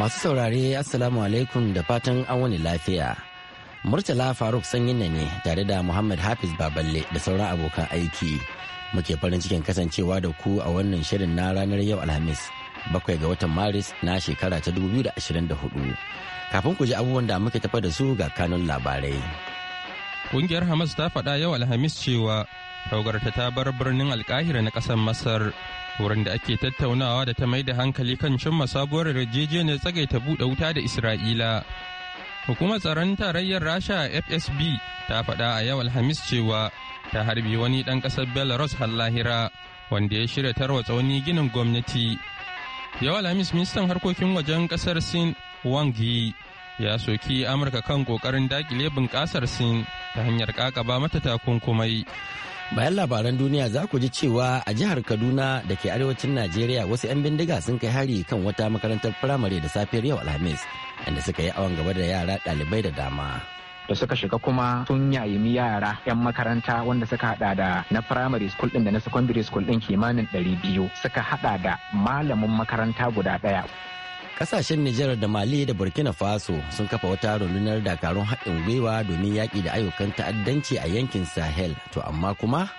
Masu saurare Assalamu alaikum da fatan an wani lafiya. Murtala Faruk sanyin na ne tare da Muhammad Hafiz Baballe da sauran abokan aiki. Muke farin cikin kasancewa da ku a wannan shirin na ranar yau Alhamis, bakwai ga watan Maris na shekara ta 2024. Kafin ku ji abubuwan da muke tafa da su ga kanun labarai. Kungiyar Hamas ta faɗa yau Alhamis cewa Taugarta ta bar birnin alkahira na kasar Masar, wurin da ake tattaunawa da ta mai da hankali kan cimma sabuwar yarjejeniyar ta buɗe wuta da Isra'ila. Hukumar tsaron tarayyar Rasha FSB ta faɗa a yau Alhamis cewa ta harbi wani ɗan ƙasar Belarus lahira wanda ya shirya tarwatsa wani ginin gwamnati. Yau Alhamis ministan harkokin wajen ƙasar Sin Wang Yi ya soki Amurka kan ƙoƙarin dakile bunƙasar Sin ta hanyar ƙaƙaba mata takunkumai. bayan labaran duniya za ku ji cewa a jihar kaduna da ke arewacin najeriya wasu 'yan bindiga sun kai hari kan wata makarantar firamare da safiyar yau alhamis inda suka yi awon gaba da yara dalibai da dama da suka shiga kuma sun yayimi yara 'yan makaranta wanda suka hada da na primary school din da na secondary school din kimanin 200 suka hada da malamin makaranta guda daya Kasashen Nijar da Mali da Burkina Faso sun kafa wata rundunar dakarun haɗin gwiwa domin yaƙi da ayyukan ta'addanci a yankin Sahel, to amma kuma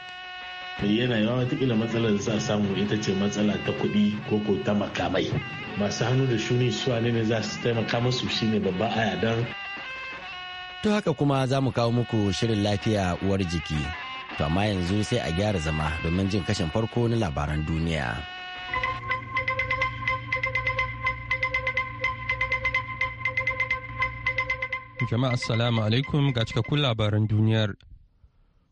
yana yawa watakila matsalar za samu ita ce matsala ta kuɗi ko ko ta makamai masu hannu da shuni su ne za su taimaka musu shine babba aya don to haka kuma za mu kawo muku shirin lafiya uwar jiki to amma yanzu sai a gyara zama domin jin kashin farko na labaran duniya. Jama'a assalamu alaikum ga cikakkun labaran duniyar.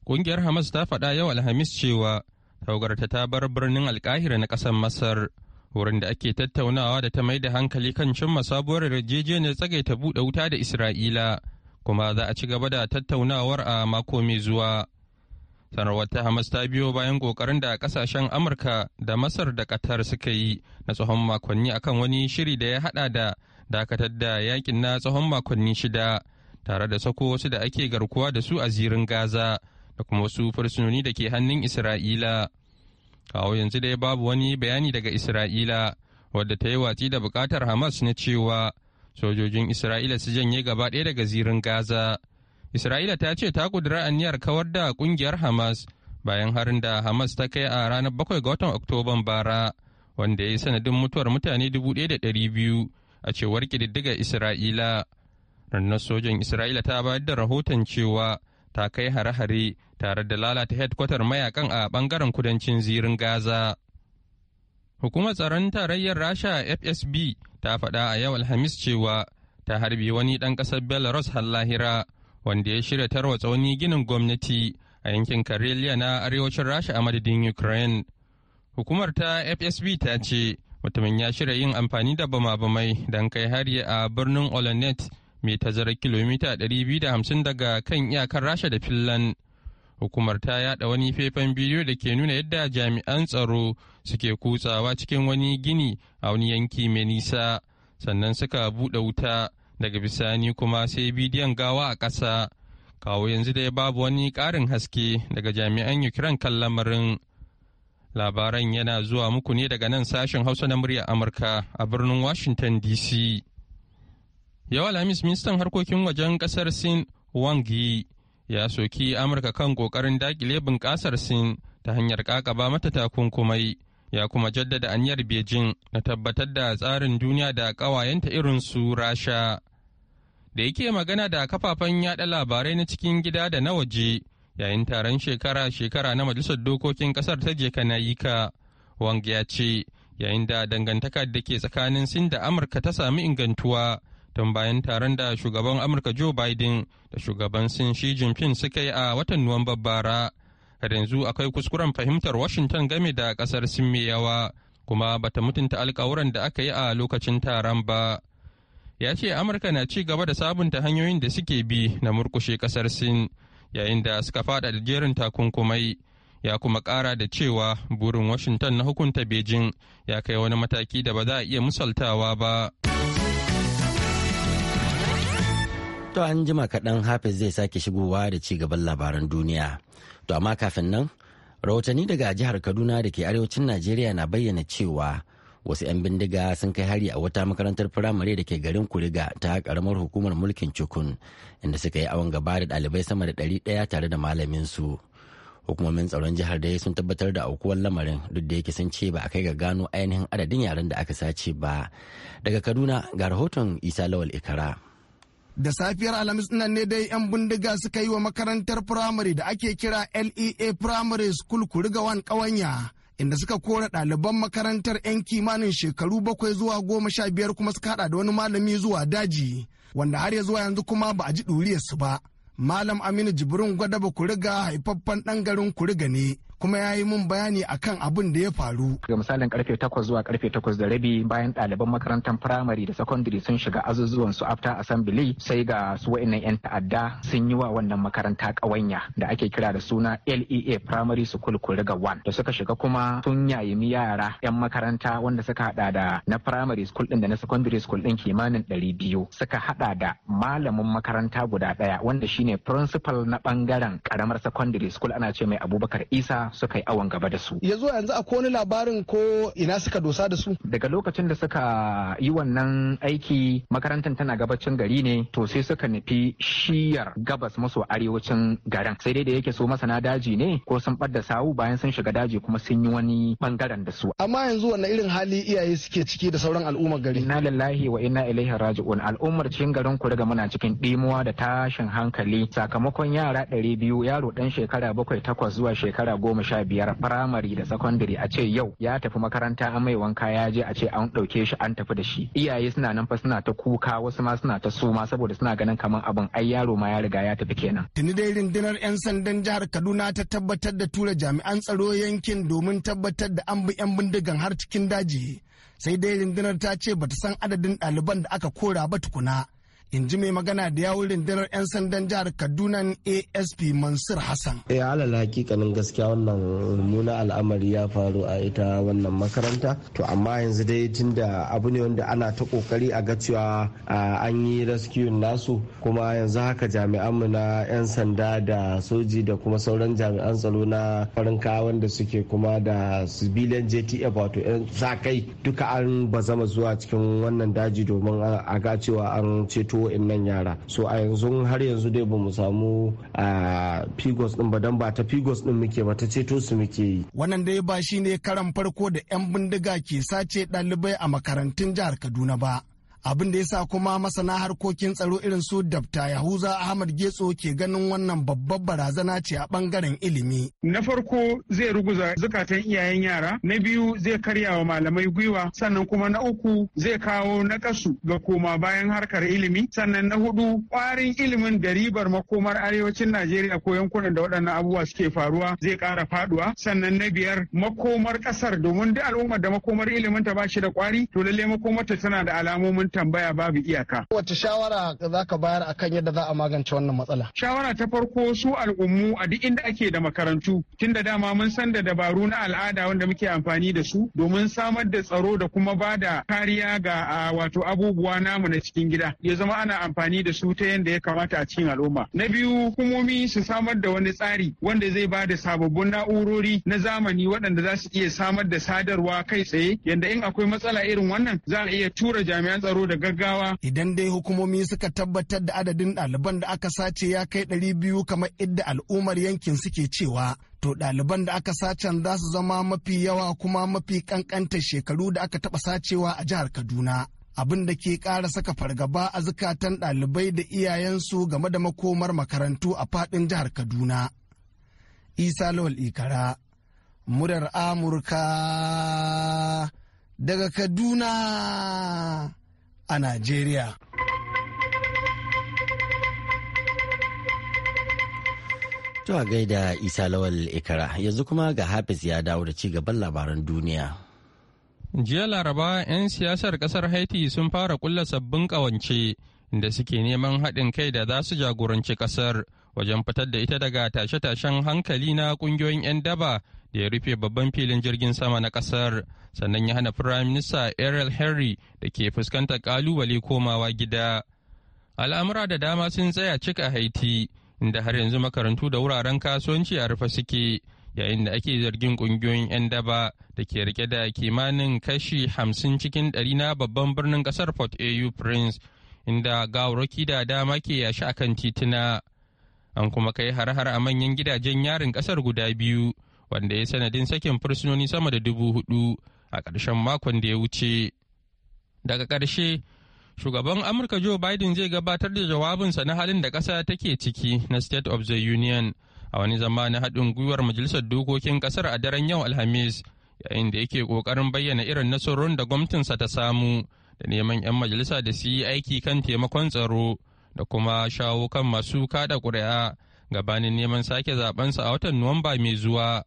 Kungiyar Hamas ta faɗa yau Alhamis cewa taugarta ta bar birnin alkahira na ƙasar Masar wurin da ake tattaunawa da ta mai da hankali kan cimma sabuwar yarjejeniyar ta buɗe wuta da Isra'ila kuma za a ci gaba da tattaunawar a mako mai zuwa. sanarwar ta hamas ta biyo bayan kokarin da kasashen amurka da masar da qatar suka yi na tsohon makonni akan wani shiri da ya haɗa da dakatar da yakin na tsawon makonni shida tare da sako wasu da ake garkuwa da su a zirin gaza da kuma wasu fursunoni da ke hannun isra'ila kawo yanzu dai babu wani bayani daga isra'ila wadda ta yi watsi da bukatar hamas na cewa sojojin isra'ila su janye gaba ɗaya daga zirin gaza isra'ila ta ce ta kudura aniyar kawar da kungiyar hamas bayan harin da hamas ta kai a ranar 7 ga watan oktoban bara wanda ya yi sanadin mutuwar mutane 1,200 a cewar ƙididdigar Isra'ila. Rannar sojan Isra'ila ta bayar da rahoton cewa ta kai hare-hare tare da lalata hedkwatar mayakan a ɓangaren kudancin zirin Gaza. Hukumar tsaron tarayyar Rasha FSB ta faɗa a yau Alhamis cewa ta harbi wani ɗan ƙasar Belarus hallahira wanda ya shirya tarwa tsauni ginin gwamnati a yankin Karelia na arewacin Rasha a madadin Ukraine. Hukumar ta FSB ta ce mutumin ya shirya yin amfani da bama-bamai don kai hari a birnin olenet mai tazarar kilomita 250 daga kan iyakar rasha da finland hukumar ta yada wani faifan bidiyo da ke nuna yadda jami'an tsaro suke kutsawa cikin wani gini a wani yanki mai nisa sannan suka buɗe wuta daga bisani kuma sai bidiyon gawa a ƙasa kawo yanzu dai babu wani ƙarin haske daga jami'an ukraine kan lamarin Labaran yana zuwa muku ne daga nan sashen Hausa na murya Amurka a birnin Washington DC. Yau Alhamis ministan harkokin wajen kasar Sin Wang Yi ya soki Amurka kan kokarin dakile bunƙasar Sin ta hanyar kakaba mata takunkumai ya kuma jaddada aniyar Beijing na tabbatar da tsarin duniya da kawayenta irin su Rasha. Da yake magana da kafafen yada labarai na cikin gida da na waje yayin taron shekara-shekara na majalisar dokokin kasar ta jeka kanayika wang ya ce yayin da dangantaka da ke tsakanin sin da amurka ta sami ingantuwa tun bayan taron da shugaban amurka joe biden da shugaban sin shi jinping suka yi a watan nuwamban bara har yanzu akwai kuskuren fahimtar washington game da kasar sin mai yawa kuma bata mutunta alkawuran da aka yi a lokacin taron ba ya ce amurka na ci gaba da sabunta hanyoyin da suke bi na murkushe kasar sin yayin da suka fada da jerin takunkumai ya kuma kara da cewa burin washington na hukunta beijing ya kai wani mataki da ba za a iya musaltawa ba to an jima kaɗan hafiz zai sake shigowa da ci gaban labaran duniya to amma kafin nan rahotanni daga jihar kaduna da ke arewacin najeriya na bayyana cewa wasu 'yan bindiga sun kai hari a wata makarantar firamare da ke garin kuriga ta karamar hukumar mulkin cukun inda suka yi awon gaba da dalibai sama da ɗari ɗaya tare da malamin su hukumomin tsaron jihar dai sun tabbatar da aukuwar lamarin duk da yake sun ce ba a kai ga gano ainihin adadin yaran da aka sace ba daga kaduna ga rahoton isa lawal ikara da safiyar alhamis nan ne dai 'yan bindiga suka yi wa makarantar firamare da ake kira lea primary school kurigawan kawanya inda suka kora ɗaliban makarantar 'yan kimanin shekaru bakwai zuwa goma sha biyar kuma suka haɗa da wani malami zuwa daji wanda har ya zuwa yanzu kuma ba a ji ɗuriyarsu ba. Malam Aminu Jibrin Gwada ba kuriga haifaffen ɗan garin kuriga ne. kuma ya yi mun bayani a kan abin da ya faru. Ga misalin karfe takwas zuwa karfe takwas da rabi bayan ɗaliban makarantar firamare da sakandare sun shiga azuzuwan su after assembly sai ga su wa'innan 'yan ta'adda sun yi wa wannan makaranta ƙawanya da ake kira da suna LEA Primary School Kuriga 1 da suka shiga kuma sun yayimi yara 'yan makaranta wanda suka hada da na primary school din da na secondary school din kimanin biyu, suka hada da malamin makaranta guda ɗaya, wanda shine principal na bangaren karamar secondary school ana ce mai Abubakar Isa suka yi awon gaba da su. Ya zo yanzu a wani labarin ko ina suka dosa da su? Daga lokacin da suka yi wannan aiki makarantar tana gabacin gari ne to sai suka nufi shiyar gabas maso arewacin garin. Sai dai da yake so masana daji ne ko sun ɓadda sawu bayan sun shiga daji kuma sun yi wani bangaren da su. Amma yanzu wanne irin hali iyaye suke ciki da sauran al'ummar gari? Inna lillahi wa inna ilaihi raji'un al'ummar cikin garin ku daga muna cikin ɗimuwa da tashin hankali sakamakon yara ɗari biyu yaro ɗan shekara bakwai takwas zuwa shekara goma goma sha biyar firamare da sakandare a ce yau ya tafi makaranta an mai wanka ya je a ce an ɗauke shi an tafi da shi iyaye suna nan fa suna ta kuka wasu ma suna ta suma saboda suna ganin kamar abin ai yaro ma ya riga ya tafi kenan. Tuni dai rundunar 'yan sandan jihar Kaduna ta tabbatar da tura jami'an tsaro yankin domin tabbatar da an bi 'yan bindigan har cikin daji. Sai dai rundunar ta ce bata san adadin ɗaliban da aka kora ba tukuna. in ji mai magana da yawun rundunar 'yan sandan jihar kaduna asp mansur hassan e alal hakikanin gaskiya wannan mummunan al'amari ya faru a ita wannan makaranta to amma yanzu dai tun da abu ne wanda ana ta kokari a ga cewa an yi rescue nasu kuma yanzu haka jami'an mu na 'yan sanda da soji da kuma sauran jami'an tsaro na farin wanda suke kuma da civilian jta wato 'yan sa kai duka an bazama zuwa cikin wannan daji domin a ga cewa an ceto su wa'annan yara so a yanzu har yanzu dai ba mu samu a pigos din ba dan ba ta pigos din muke ba ta ceto su muke yi wannan dai ba shine karan farko da yan bindiga ke sace ɗalibai a makarantun jihar kaduna ba abin da ya sa kuma masana harkokin tsaro irin su dabta yahuza ahmad getso ke ganin wannan babbar barazana ce a bangaren ilimi na farko zai ruguza zukatan iyayen yara na biyu zai karya wa malamai gwiwa sannan kuma na uku zai kawo nakasu ga koma bayan harkar ilimi sannan na hudu kwarin ilimin da ribar makomar arewacin najeriya ko yankunan da waɗannan abubuwa suke faruwa zai ƙara faduwa sannan na biyar makomar ƙasar domin duk al'ummar da makomar ilimin ta ba shi da kwari to lallai makomarta tana da alamomin tambaya babu iyaka. Wata shawara za ka bayar a kan yadda za a magance wannan matsala? Shawara ta farko su al'ummu a duk inda ake da makarantu tun da dama mun san da dabaru na al'ada wanda muke amfani da su domin samar da tsaro da kuma ba da kariya ga wato abubuwa namu na cikin gida ya zama ana amfani da su ta yadda ya kamata a cikin al'umma. Na biyu hukumomi su samar da wani tsari wanda zai ba da sababbin na'urori na zamani waɗanda za su iya samar da sadarwa kai tsaye yadda in akwai matsala irin wannan za a iya tura jami'an tsaro tsaro da gaggawa. Idan dai hukumomi suka tabbatar da adadin ɗaliban da aka sace ya kai ɗari biyu kamar idda al'ummar yankin suke cewa to ɗaliban da aka sacen za su zama mafi yawa kuma mafi ƙanƙantar shekaru da aka taɓa sacewa a jihar Kaduna. Abin da ke ƙara saka fargaba a zukatan ɗalibai da iyayensu game da makomar makarantu a faɗin jihar Kaduna. Isa Lawal Ikara, murar Amurka daga Kaduna. a Najeriya. Tuwa gaida Isa Lawal Ikara yanzu kuma ga Hafiz ya dawo da ci gaban labaran duniya. Jiya Laraba 'yan siyasar kasar Haiti sun fara kulla sabbin ƙawance da suke neman haɗin kai da za su jagoranci ƙasar wajen fitar da ita daga tashe-tashen hankali na ƙungiyoyin 'yan daba da ya rufe babban filin jirgin sama na kasar sannan ya hana firayim minista ariel henry da ke fuskantar kalubale komawa gida al'amura da dama sun tsaya cik a haiti inda har yanzu makarantu da wuraren kasuwanci a rufe suke yayin da ake zargin kungiyoyin 'yan daba da ke rike da kimanin kashi hamsin cikin ɗari na babban birnin kasar port au prince inda gawaroki da dama ke yashi akan tituna an kuma kai har-har a manyan gidajen yarin kasar guda biyu wanda ya sanadin sakin fursunoni sama da dubu hudu a ƙarshen makon da ya wuce daga ƙarshe shugaban amurka joe biden zai gabatar da jawabinsa na halin da ƙasa take ciki na state of the union a wani zama na haɗin gwiwar majalisar dokokin ƙasar a daren yau alhamis yayin da yake ƙoƙarin bayyana irin nasarorin da gwamnatinsa ta samu da neman 'yan majalisa da su yi aiki kan taimakon tsaro da kuma shawo kan masu kada ƙuri'a gabanin neman sake zaɓensa a watan nuwamba mai zuwa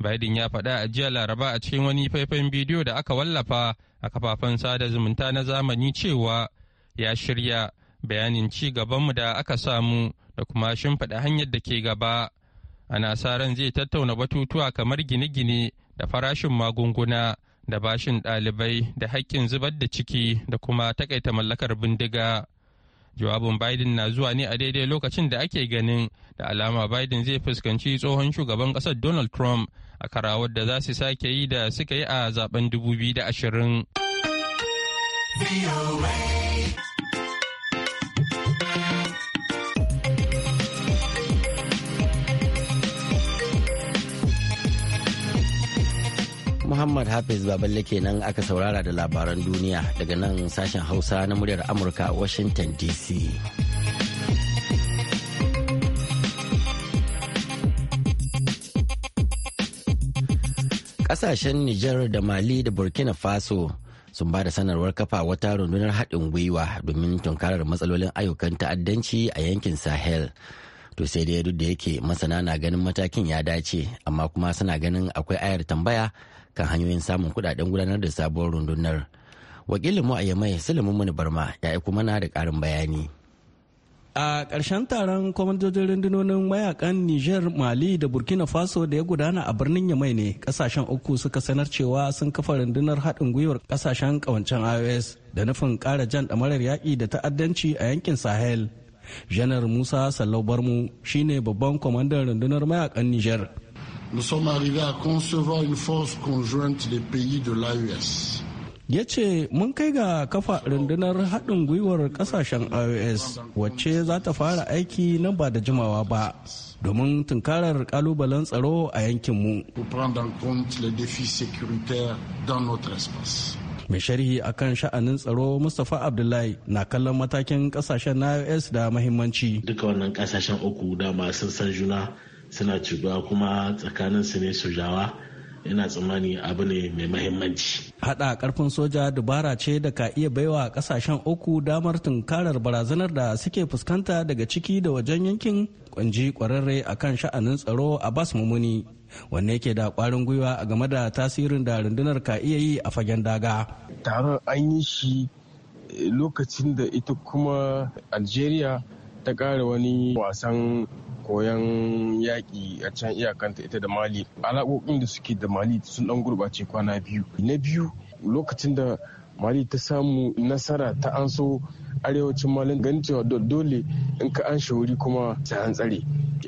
Biden ya faɗa a jiya Laraba a cikin wani faifan bidiyo da aka wallafa a kafafen sada zumunta na zamani cewa ya shirya bayanin ci gabanmu da aka samu da kuma shimfiɗa hanyar da ke gaba. Ana sa ran zai tattauna batutuwa kamar gine-gine da farashin magunguna da bashin ɗalibai da haƙƙin zubar da ciki da kuma takaita mallakar bindiga. Jawabin Biden na zuwa ne a daidai lokacin da ake ganin da alama Biden zai fuskanci tsohon shugaban kasar Donald Trump a karawar da za su sake yi da suka yi a zaben 2020. Muhammad Hafiz Baballe kenan aka saurara da labaran duniya daga nan sashen Hausa na muryar Amurka Washington DC. Ƙasashen Nijar da Mali da Burkina Faso sun ba da sanarwar kafa wata rundunar haɗin gwiwa domin tunkarar matsalolin ayyukan ta'addanci a yankin Sahel. to sai dai duk da yake masana na ganin matakin ya dace amma kuma suna ganin akwai ayar tambaya kan hanyoyin samun kudaden gudanar da sabuwar rundunar wakilin mu a yamai silimin mani barma ya aiko mana da karin bayani a ƙarshen taron kwamandojin rundunonin mayakan niger mali da burkina faso da ya gudana a birnin yamai ne kasashen uku suka sanar cewa sun kafa rundunar haɗin gwiwar kasashen ƙawancen ios da nufin ƙara jan ɗamarar yaƙi da ta'addanci a yankin sahel janar musa sallau barmu shine babban kwamandan rundunar mayakan niger nous sommes arrivés à concevoir une force conjointe des pays de l'AES. ya ce mun kai ga kafa rundunar haɗin gwiwar ƙasashen ios e wacce za ta fara aiki nan ba da jimawa ba domin tunkarar ƙalubalen tsaro a yankinmu mai sharhi a kan sha'anin tsaro mustapha abdullahi na kallon matakin ƙasashen na ios e da mahimmanci duka wannan kasashen uku dama sun san juna suna cigaba kuma tsakanin su ne sojawa ina tsammani abu ne mai mahimmanci. Hada karfin soja dubara ce da ka iya baiwa kasashen uku damar tunkarar barazanar da suke fuskanta daga ciki da wajen yankin kwanji kwararre a kan sha'anin tsaro a bas mumuni wanne yake da kwarin gwiwa a game da tasirin da rundunar ka iya yi a fagen daga. Taron an yi shi eh, lokacin da ita kuma Algeria ta ƙara wani wasan koyon yaƙi a can iyakanta ita da mali alaƙoƙin da suke da mali sun ɗan gurɓace kwana biyu na biyu lokacin da mali ta samu nasara ta anso arewacin malin ganin cewa dole in ka an wuri kuma ta an tsare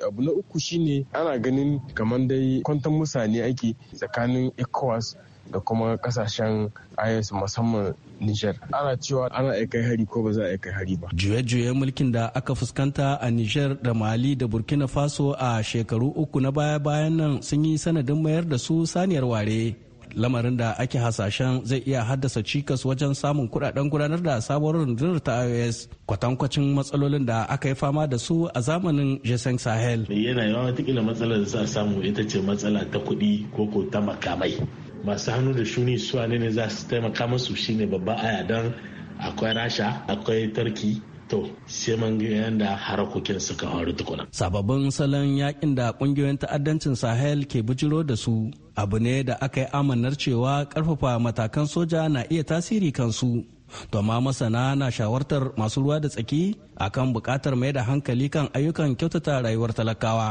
abu na uku shine ana ganin kamar dai kwantan musane ake tsakanin ecowas da kuma kasashen IS musamman Niger. Ana cewa ana iya hari ko ba za a kai hari ba. Juye-juye mulkin da aka fuskanta a niger da Mali da Burkina Faso a shekaru uku na baya-bayan nan sun yi sanadin mayar da su saniyar ware. Lamarin da ake hasashen zai iya haddasa cikas wajen samun kudaden gudanar da sabuwar rundunar ta IOS kwatankwacin matsalolin da aka yi fama da su a zamanin Jason Sahel. Yana yawa watakila matsalar da za a samu ita ce matsala ta kudi ko ko ta makamai. masu hannu da shuni su ne ne za su taimaka musu shine babba aya don akwai rasha akwai tarki, to sai man ga yadda harakokin suka faru tukuna. sababbin salon yakin da kungiyoyin ta'addancin sahel ke bujiro da su abu ne da aka yi amanar cewa karfafa matakan soja na iya tasiri kansu to ma masana na shawartar masu ruwa da tsaki akan bukatar mai da hankali kan ayyukan kyautata rayuwar talakawa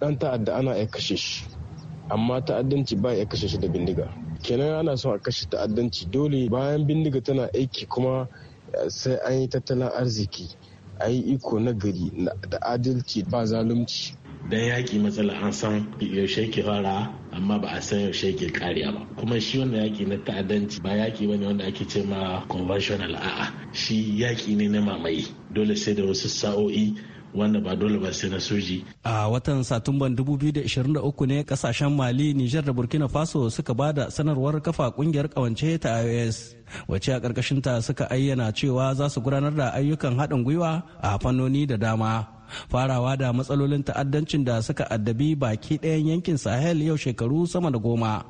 dan ta'adda ana iya shi amma ta'addanci ba ya kashe shi da bindiga kenan ana son a kashe ta'addanci dole bayan bindiga tana aiki kuma eh, sai an yi tattalin arziki a yi iko na gari da adalci ba zalunci dan yaƙi matsala an san yaushe ke fara amma ba a san yaushe ke kariya ba kuma shi wanda yaƙi na ta'addanci ba yaƙi bane wanda ake ce ma conventional a'a shi yaƙi ne na mamaye dole sai da wasu sa'o'i wanda ba dole ba sai na soji. A watan Satumban 2023 ne kasashen Mali, Nijar da Burkina Faso suka ba da sanarwar kafa kungiyar kawance ta IOS. Wace a ƙarƙashinta suka ayyana cewa za su gudanar da ayyukan haɗin gwiwa a fannoni da dama. farawa da matsalolin ta'addancin da suka addabi baki ɗayan yankin sahel yau shekaru sama da goma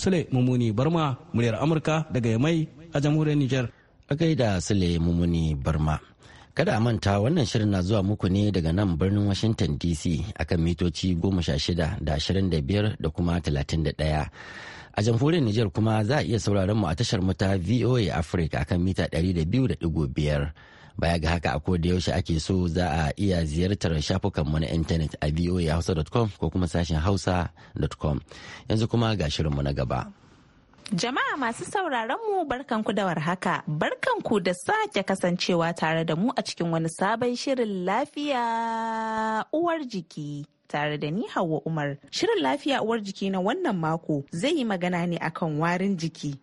sule mummuni barma muryar amurka daga yamai a jamhuriyar niger a da sule mummuni barma Kada a manta wannan shirin na zuwa muku ne daga nan birnin Washington DC akan mitoci goma sha shida, da ashirin da biyar, da kuma talatin da ɗaya. A jamhuriyar Nijar kuma za a iya sauraron mu a tashar mu ta VOA Africa akan mita ɗari da da biyu 200.5. Baya ga haka a da yaushe ake so za a iya ziyartar shafukanmu na intanet a voahausa.com ko kuma sashen hausa.com. Yanzu kuma ga shirinmu na gaba. Jama'a masu sauraron mu barkanku da warhaka, barkanku da sake kasancewa tare da mu a cikin wani sabon shirin lafiya uwar jiki. Tare da ni Hauwa Umar, shirin lafiya uwar jiki na wannan mako zai yi magana ne akan warin jiki.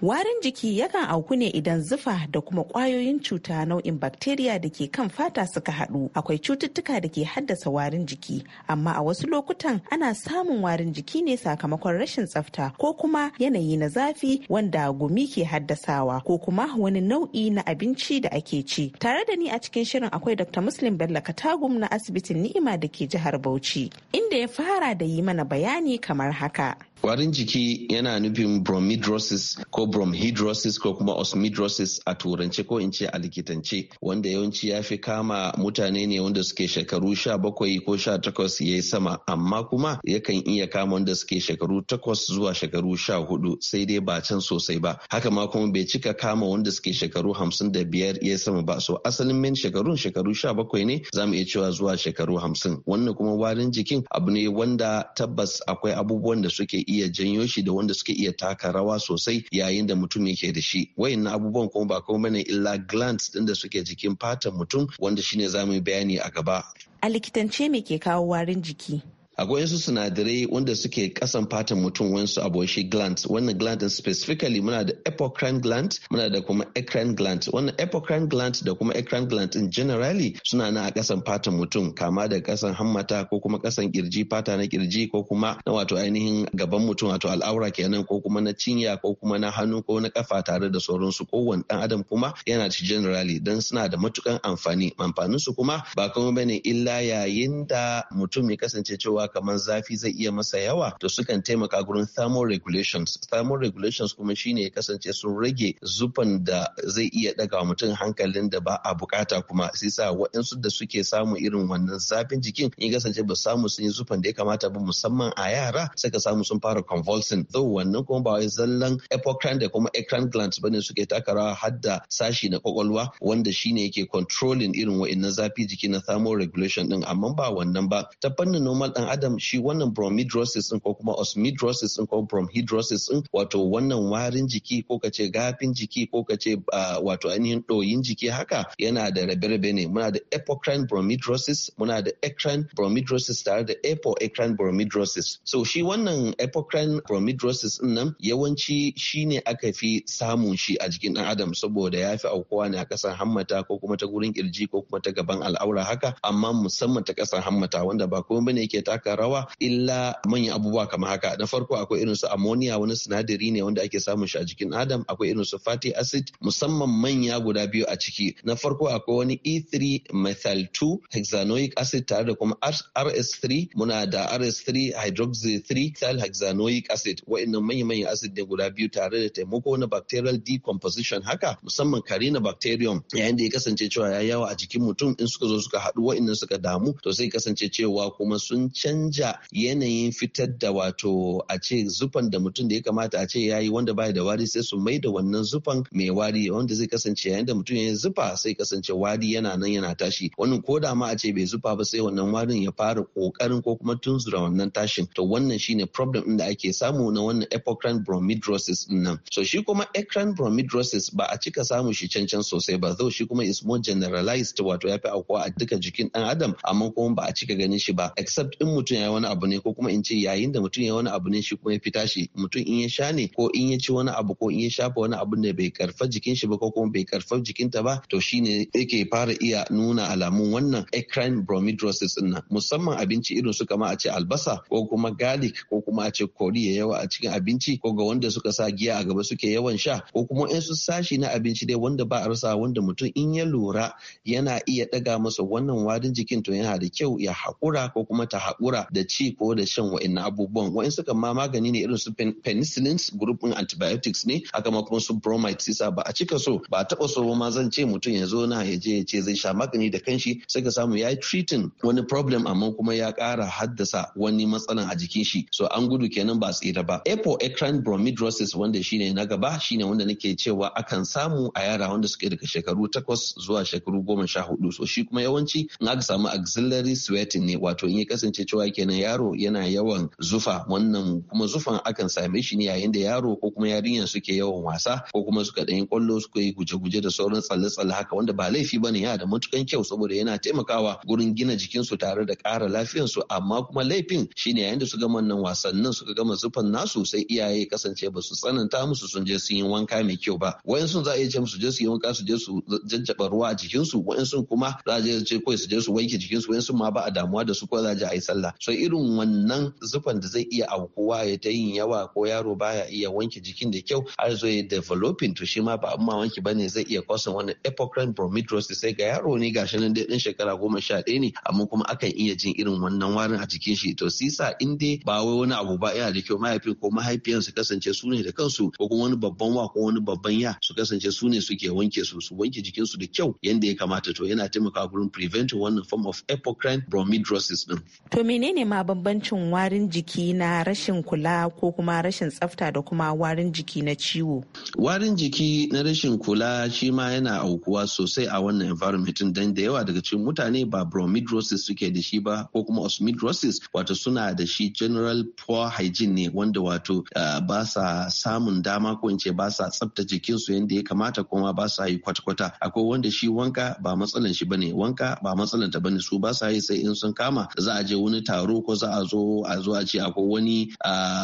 Warin jiki yakan auku ne idan zufa da kuma kwayoyin cuta nau'in bakteriya da ke kan fata suka haɗu. Akwai cututtuka da ke haddasa warin jiki, amma a wasu lokutan ana samun warin jiki ne sakamakon rashin tsafta ko kuma yanayi na zafi wanda gumi ke haddasawa ko kuma wani nau'i na abinci da ake ci. Tare da ni a cikin shirin akwai Dr. Muslim Bello Katagum na asibitin Ni'ima da ke jihar Bauchi, inda ya fara da yi mana bayani kamar haka. Kwarin jiki yana nufin bromidrosis ko bromhidrosis ko kuma osmidrosis a turance ko in ce a likitance wanda yawanci ya fi kama mutane ne wanda suke shekaru sha bakwai ko sha takwas ya yi sama amma kuma yakan iya kama wanda suke shekaru takwas zuwa shekaru sha hudu sai dai ba can sosai ba haka ma kuma bai cika kama wanda suke shekaru hamsin da biyar ya yi sama ba so asalin min shekarun shekaru sha bakwai ne za mu iya cewa zuwa shekaru hamsin wannan kuma warin jikin abu ne wanda tabbas akwai abubuwan da suke iya janyo shi da wanda suke iya taka rawa sosai yayin da mutum yake da shi na abubuwan kuma ba kuma bane illa glands din da suke jikin fatan mutum wanda shine zamu bayani a gaba a likitance me ke kawo warin jiki akwai wasu sinadarai wanda suke kasan fatan mutum wansu boshi glands wannan gland specifically muna da apocrine gland muna da kuma eccrine gland wannan apocrine gland da kuma eccrine gland in generally suna nan a kasan fatan mutum kama da kasan hammata ko kuma kasan kirji fata na kirji ko kuma na wato ainihin gaban mutum wato al'aura kenan ko kuma na cinya ko kuma na hannu ko na kafa tare da sauransu wani dan adam kuma yana ci generally dan suna da matukan amfani amfanin kuma ba kuma bane illa yayin da mutum ya kasance cewa kamar zafi zai iya masa yawa to sukan taimaka gurin thermal regulations thermal regulations kuma shine ya kasance sun rage zufan da zai iya daga mutum hankalin da ba a bukata kuma sai sa waɗansu da suke samu irin wannan zafin jikin ya kasance ba samu sun yi zufan da ya kamata ba musamman a yara suka samu sun fara convulsing though wannan kuma ba wai zallan epocrine da kuma ecran glands bane suke taka rawa har da sashi na kwakwalwa wanda shine yake controlling irin wa'annan zafi jiki na thermal regulation din amma ba wannan ba ta fannin normal dan adam shi wannan bromidrosis din ko kuma osmidrosis din ko bromhidrosis wato wannan warin jiki ko kace gafin jiki ko kace wato ainihin ɗoyin jiki haka yana da rabe-rabe ne muna da epocrine bromidrosis muna da ecrine bromidrosis tare da apocrine bromidrosis so shi wannan epocrine bromidrosis din nan yawanci shi ne aka fi samun shi a jikin ɗan adam saboda ya fi aukuwa ne a ƙasar hammata ko kuma ta gurin kirji ko kuma ta gaban al'aura haka amma musamman ta ƙasar hammata wanda ba komai bane yake taka taka rawa illa manyan abubuwa kamar haka na farko akwai irin su ammonia wani sinadari ne wanda ake samun shi a jikin adam akwai irin su fatty acid musamman manya guda biyu a ciki na farko akwai wani E3 methyl 2 hexanoic acid tare da kuma RS3 muna da RS3 hydroxy 3 methyl hexanoic acid wa'annan manya-manyan acid ne guda biyu tare da taimako na bacterial decomposition haka musamman na bacterium yayin da ya kasance cewa ya yawa a jikin mutum in suka zo suka haɗu wa'annan suka damu to sai kasance cewa kuma sun ci canja yanayin fitar da wato a ce zufan da mutum da ya kamata a ce ya yi wanda baya da wari sai su mai da wannan zufan mai wari wanda zai kasance yayin da mutum ya zufa sai kasance wari yana nan yana tashi wannan ko da ma a ce bai zufa ba sai wannan warin ya fara kokarin ko kuma tunzura wannan tashin to wannan shine problem din da ake samu na wannan epocrine bromidrosis din nan so shi kuma ecrine bromidrosis ba a cika samu shi cancan sosai ba though shi kuma is more generalized wato ya fi aukuwa a duka jikin dan adam amma kuma ba a cika ganin shi ba except in mutum ya wani abu ne ko kuma in ce yayin da mutum ya wani abu ne shi kuma ya fita shi mutum in ya sha ne ko in ya ci wani abu ko in ya shafa wani abu da bai karfa jikin shi ba ko kuma bai karfa ta ba to shi ne yake fara iya nuna alamun wannan ecrine bromidrosis din nan musamman abinci irin su kama a ce albasa ko kuma garlic ko kuma a ce kori ya yawa a cikin abinci ko ga wanda suka sa giya a gaba suke yawan sha ko kuma in su sashi na abinci dai wanda ba a rasa wanda mutum in ya lura yana iya daga masa wannan warin jikin to yana da kyau ya haƙura ko kuma ta haƙura haƙura da ci ko da shan wa'annan abubuwan wa'in suka ma magani ne irin su penicillins grupin antibiotics ne haka ma kuma su bromide sisa ba a cika so ba a taɓa so ba ma zan ce mutum ya zo na ya je ya ce zai sha magani da kanshi sai ka samu ya yi treating wani problem amma kuma ya kara haddasa wani matsalan a jikin shi so an gudu kenan ba tsira ba apocrine bromidrosis wanda shine na gaba shine wanda nake cewa akan samu a yara wanda suke daga shekaru takwas zuwa shekaru goma sha hudu so shi kuma yawanci in aka samu axillary sweating ne wato in ya kasance cewa cewa kenan yaro yana yawan zufa wannan kuma zufan akan same shi ne yayin da yaro ko kuma yarinyar suke yawan wasa ko kuma suka ɗanyi kwallo suka yi guje-guje da sauran tsalle-tsalle haka wanda ba laifi ba ne yana da matukan kyau saboda yana taimakawa gurin gina jikinsu tare da ƙara lafiyarsu amma kuma laifin shine yayin da su gama wannan wasannin suka gama zufan nasu sai iyaye kasance ba su tsananta musu sun je sun yi wanka mai kyau ba wayansu za a iya ce musu je su yi wanka su je su jajjaba ruwa a jikinsu wayansu kuma za a je su ce je su wanke jikinsu wayansu ma ba a damuwa da su ko za a je a yi sallah Allah so irin wannan zufan da zai iya aukuwa ya ta yin yawa ko yaro baya iya wanke jikin da kyau har zo ya developing to shi ma ba amma wanki bane zai iya kwasan wani epocrine bromidrosis sai ga yaro ne gashi nan dai din shekara goma sha ɗaya ne amma kuma akan iya jin irin wannan warin a jikin shi to sa in dai ba wai wani abu ba yana da kyau mahaifin ko mahaifiyan su kasance su ne da kansu ko kuma wani babban wa ko wani babban ya su kasance su ne suke wanke su su wanke jikin su da kyau yanda ya kamata to yana taimaka gurin preventing wannan form of epocrine bromidrosis din. To me menene ma bambancin warin jiki na rashin kula ko kuma rashin tsafta da kuma warin jiki na ciwo warin jiki na rashin kula shi ma yana aukuwa sosai a wannan environment dan da yawa daga cikin mutane ba bromidrosis suke da shi ba ko kuma osmidrosis wato suna da shi general poor hygiene ne wanda wato uh, ba sa samun dama ko in ce ba sa tsafta jikinsu yadda ya kamata kuma ba sa yi kwata-kwata akwai wanda shi wanka ba matsalan shi bane wanka ba matsalan ta bane su ba sa yi sai in sun kama za a je wani taro ko za a zo a zo a ce akwai wani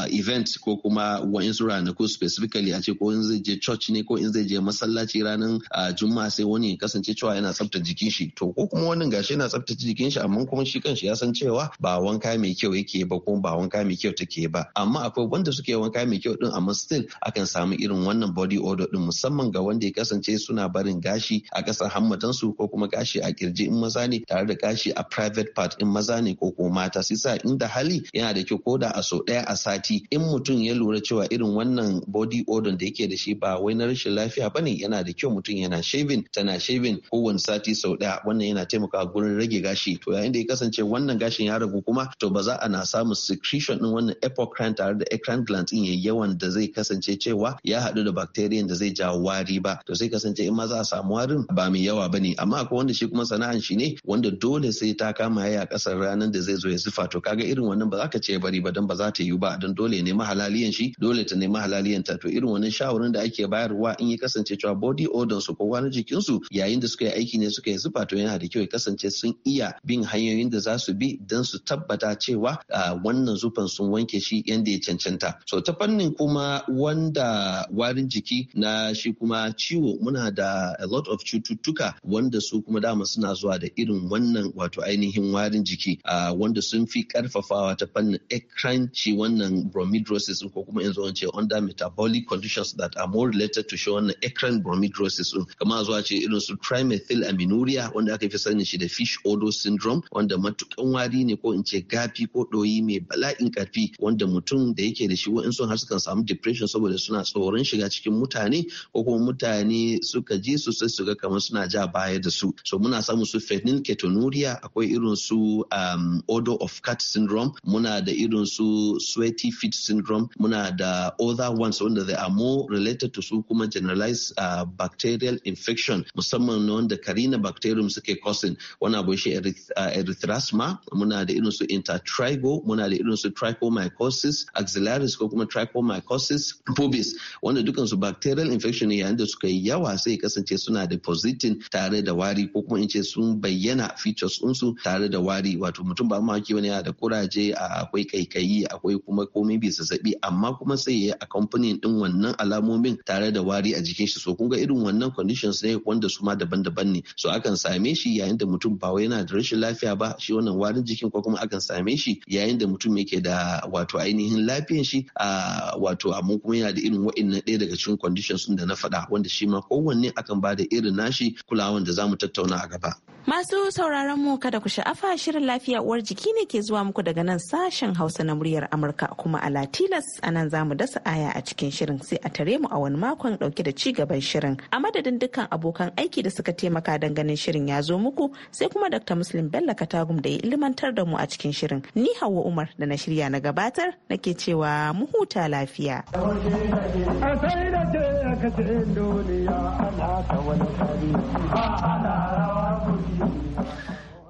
event ko kuma wa'insu ranaku specifically a ce ko in zai je church ne ko in zai je masallaci ranar juma'a sai wani ya kasance cewa yana tsabta jikin shi to ko kuma wani gashi yana tsabta jikin shi amma kuma shi kanshi ya san cewa ba wanka mai kyau yake ba ko ba wanka mai kyau take ba amma akwai wanda suke wanka mai kyau din amma still akan samu irin wannan body odor din musamman ga wanda ya kasance suna barin gashi a kasar hammatansu ko kuma gashi a kirji in maza ne tare da gashi a private part in maza ne ko kuma bukata sai sa inda hali yana da kyau koda a so ɗaya a sati in mutum ya lura cewa irin wannan body odor da yake da shi ba wai na rashin lafiya bane yana da kyau mutum yana shaving tana shaving kowane sati sau ɗaya wannan yana taimakawa gurin rage gashi to yayin da ya kasance wannan gashin ya ragu kuma to ba za a na samun secretion din wannan epocrine tare da ecran gland din yayi yawan da zai kasance cewa ya haɗu da bacteria da zai jawo wari ba to sai kasance in ma za a samu warin ba mai yawa bane amma akwai wanda shi kuma sana'an shi ne wanda dole sai ta kama ya kasar ranar da zai zo ya siffa to kaga irin wannan ba za ka ce bari ba don ba za ta yiwu ba don dole ne mahalaliyan shi dole ta nemi halaliyan ta to irin wannan shawarin da ake bayarwa in ya kasance cewa body odor su ko wani jikin su yayin da suka yi aiki ne suka yi siffa to yana da kyau ya kasance sun iya bin hanyoyin da za su bi don su tabbata cewa wannan zufan sun wanke shi yanda ya cancanta so ta fannin kuma wanda warin jiki na shi kuma ciwo muna da a lot of cututtuka wanda su kuma dama suna zuwa da irin wannan wato ainihin warin jiki wanda sun fi karfafawa ta fannin ekranci wannan bromidrosis ko kuma yanzu an ce under metabolic conditions that are more related to shi wannan ekran bromidrosis din kamar zuwa ce irin su trimethyl aminuria wanda aka fi sani shi da fish odor syndrome wanda matukan wari ne ko in ce gafi ko doyi mai bala'in karfi wanda mutum da yake da shi sun har sukan samu depression saboda suna tsoron shiga cikin mutane ko kuma mutane suka je su sai su ga kamar suna ja baya da su so muna samun su phenylketonuria akwai irin su um, shadow of cat syndrome muna da irin su sweaty feet syndrome muna da other ones wanda they are more related to su kuma generalized uh, bacterial infection musamman na wanda karina bacterium suke causing wani abu shi uh, erythrasma muna da irin su intertrigo muna da irin su trichomycosis axillaris ko kuma trichomycosis pubis wanda dukan su bacterial infection ne yayin da suka yi yawa sai kasance suna depositing tare da wari ko kuma in ce sun bayyana features ɗinsu tare da wari wato mutum ba ma warke wani yana da kuraje akwai kaikayi akwai kuma komai bai zazzabi amma kuma sai ya a kamfanin din wannan alamomin tare da wari a jikin shi so kun ga irin wannan conditions ne wanda su ma daban-daban ne so akan same shi yayin da mutum ba yana da rashin lafiya ba shi wannan warin jikin ko kuma akan same shi yayin da mutum yake da wato ainihin lafiyan shi a wato amma kuma yana da irin wa'annan ɗaya daga cikin conditions da na faɗa wanda shi ma kowanne akan ba da irin nashi kulawan da zamu tattauna a gaba. Masu sauraron mu kada ku sha'afa shirin lafiya uwar jiki ne ke zuwa muku daga nan sashen Hausa na muryar Amurka kuma a Latilas a nan za mu dasa aya a cikin shirin sai a tare mu a wani makon dauke da ci gaban shirin. A madadin dukkan abokan aiki da suka taimaka don ganin shirin ya zo muku sai kuma Dr. Muslim Bello Katagum da ya ilmantar da mu a cikin shirin. Ni hawa Umar da na shirya na gabatar nake cewa mu huta lafiya.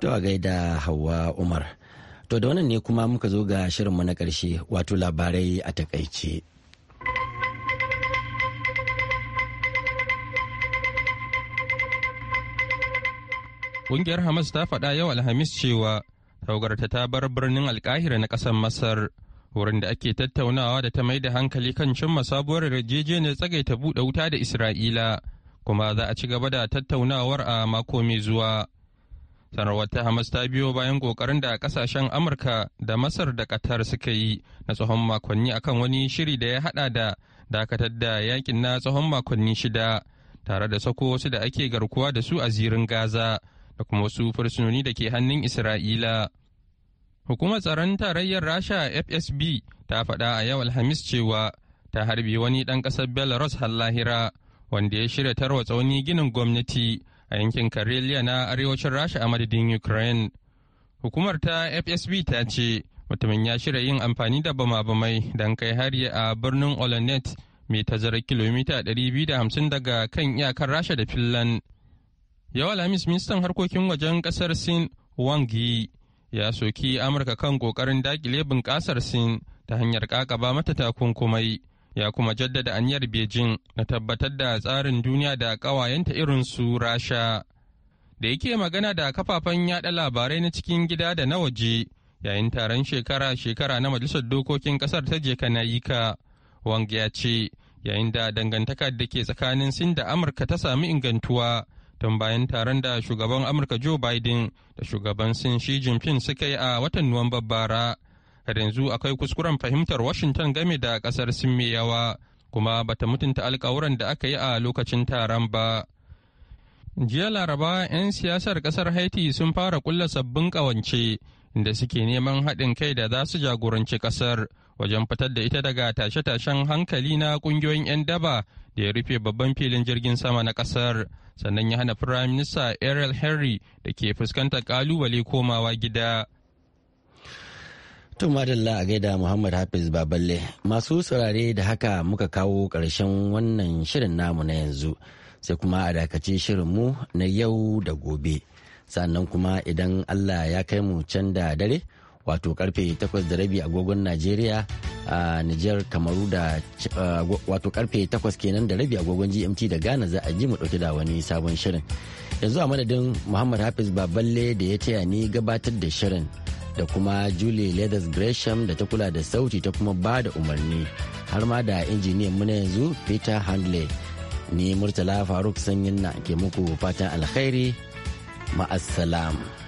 To a gaida Hauwa Umar. To da wannan ne kuma muka zo ga shirinmu na karshe wato labarai a takaice. Ƙungiyar Hamas ta faɗa yau Alhamis cewa taugarta ta bar birnin alkahira na ƙasar Masar wurin da ake tattaunawa da ta mai da hankali kan cimma sabuwar yarjejeniyar tsagaita buɗe wuta da Isra'ila kuma za a ci gaba da tattaunawar a mako mai zuwa. sanarwar ta hamas ta biyo bayan kokarin da kasashen amurka da masar da qatar suka yi na tsohon makonni akan wani shiri da ya hada da dakatar da yakin na tsohon makonni shida tare da sako wasu da ake garkuwa da su a zirin gaza da kuma wasu fursunoni da ke hannun isra'ila hukumar tsaron tarayyar rasha fsb ta faɗa a yau alhamis cewa ta harbi wani ɗan ƙasar belarus har lahira wanda ya shirya tarwatsa wani ginin gwamnati a yankin karelia na arewacin rasha a madadin ukraine hukumar ta fsb ta ce mutumin ya shirya yin amfani da bama-bamai don kai hari a birnin olenet mai tazara kilomita 250 daga kan iyakar rasha da finland yau alhamis ministan harkokin wajen kasar sin Wangi ya soki amurka kan kokarin dakile bunƙasar sin ta hanyar kakaba mata takunkumai ya kuma jaddada aniyar Beijing na tabbatar da tsarin duniya da ƙawayenta irin su Rasha. Da yake magana da kafafen yada labarai na cikin gida da na waje yayin taron shekara-shekara na Majalisar Dokokin Ƙasar ta je kanayika Wang ya ce, yayin da dangantaka da ke tsakanin Sin da Amurka ta sami ingantuwa tun bayan taron da shugaban Amurka Joe Biden da shugaban Sin Xi Jinping suka yi a watan nuwamba bara. har yanzu akwai kuskuren fahimtar washington game da kasar sin mai yawa kuma bata mutunta alkawuran da aka yi a lokacin taron ba jiya laraba 'yan siyasar kasar haiti sun fara kulla sabbin kawance da suke neman haɗin kai da za su jagoranci kasar wajen fitar da ita daga tashe-tashen hankali na ƙungiyoyin 'yan daba da ya rufe babban filin jirgin sama na kasar sannan ya hana firayim minista ariel henry da ke fuskantar ƙalubale komawa gida To madalla a gaida Muhammad Hafiz Baballe masu saurare da haka muka kawo karshen wannan shirin namu na yanzu sai kuma a dakace mu na yau da gobe. Sannan kuma idan Allah ya kai mu can da dare wato karfe 8 da rabi agogon Najeriya a Nijar Kamaru da wato karfe 8 kenan da rabi agogon GMT da Ghana za a ji mu dauke da wani sabon shirin. Yanzu a madadin Muhammad Hafiz Baballe da ya taya ni gabatar da shirin. da kuma julie leathers gresham da ta kula da sauti ta kuma ba da umarni har ma da injiniyan mu na yanzu peter handley ni murtala faruk sanyin na ke muku fatan alkhairi ma'assalam.